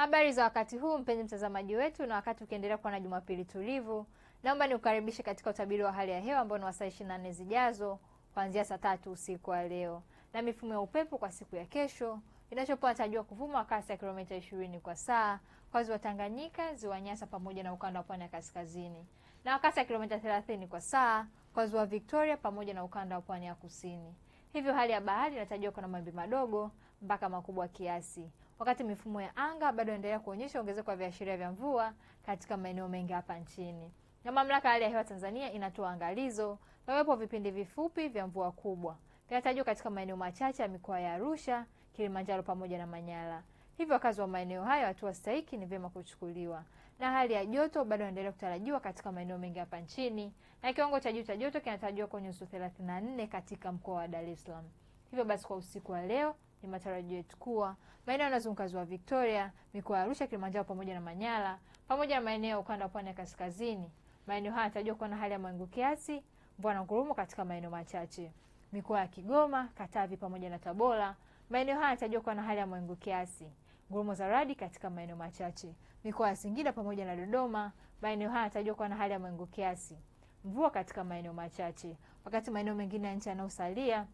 Habari za wakati huu mpenzi mtazamaji wetu, na wakati ukiendelea kuwa na Jumapili tulivu, naomba nikukaribishe katika utabiri wa hali ya hewa ambao ni wa saa 24 zijazo kuanzia saa tatu usiku wa leo, na mifumo ya upepo kwa siku ya kesho inachopoa tarajiwa kuvuma kwa kasi ya kilomita 20 kwa saa kwa ziwa Tanganyika, ziwa Nyasa pamoja na ukanda wa pwani ya kaskazini, na kasi ya kilomita 30 kwa saa kwa ziwa Victoria pamoja na ukanda wa pwani ya kusini. Hivyo hali ya bahari inatajwa kuwa na mawimbi madogo mpaka makubwa kiasi wakati mifumo ya anga bado inaendelea kuonyesha ongezeko kwa viashiria vya mvua katika maeneo mengi hapa nchini. Na Mamlaka ya Hali ya Hewa Tanzania inatoa angalizo la uwepo vipindi vifupi vya mvua kubwa vinatajwa katika maeneo machache ya mikoa ya Arusha, Kilimanjaro pamoja na Manyara. Hivyo wakazi wa maeneo hayo, hatua stahiki ni vyema kuchukuliwa. Na hali ya joto bado inaendelea kutarajiwa katika maeneo mengi hapa nchini, na kiwango cha juu cha joto kinatarajiwa kwenye nyuzi 34 katika mkoa wa Dar es Salaam. Hivyo basi, kwa usiku wa leo ni matarajio yetu kuwa maeneo yanayozunguka ziwa Victoria, mikoa ya Arusha, Kilimanjaro pamoja na Manyara, pamoja na maeneo ya ukanda wa pwani ya kaskazini, maeneo haya yatarajiwa kuwa na hali ya mawingu kiasi, mvua na ngurumo katika maeneo machache. Mikoa ya Kigoma, Katavi pamoja na Tabora, maeneo haya yatarajiwa kuwa na hali ya mawingu kiasi, ngurumo za radi katika maeneo machache. Mikoa ya Singida pamoja na Dodoma, maeneo haya yatarajiwa kuwa na hali ya mawingu kiasi, mvua katika maeneo machache, wakati maeneo mengine ya nchi yanayosalia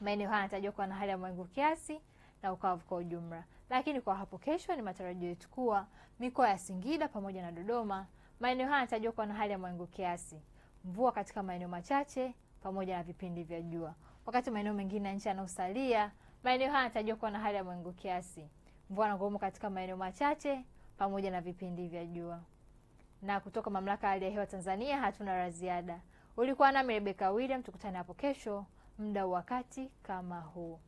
Maeneo haya yanatarajiwa kuwa na hali ya mawingu kiasi na ukavu kwa ujumla. Lakini kwa hapo kesho, ni matarajio yetu kuwa mikoa ya Singida pamoja na Dodoma, maeneo haya yanatarajiwa kuwa na hali ya mawingu kiasi, mvua katika maeneo machache pamoja na vipindi vya jua. Wakati maeneo mengine ya nchi yanayosalia, maeneo haya yanatarajiwa kuwa na hali ya mawingu kiasi, mvua na ngurumo katika maeneo machache pamoja na vipindi vya jua. Na kutoka mamlaka ya hali ya hewa Tanzania hatuna la ziada. Ulikuwa nami Rebeka William, tukutane hapo kesho muda wakati kama huu.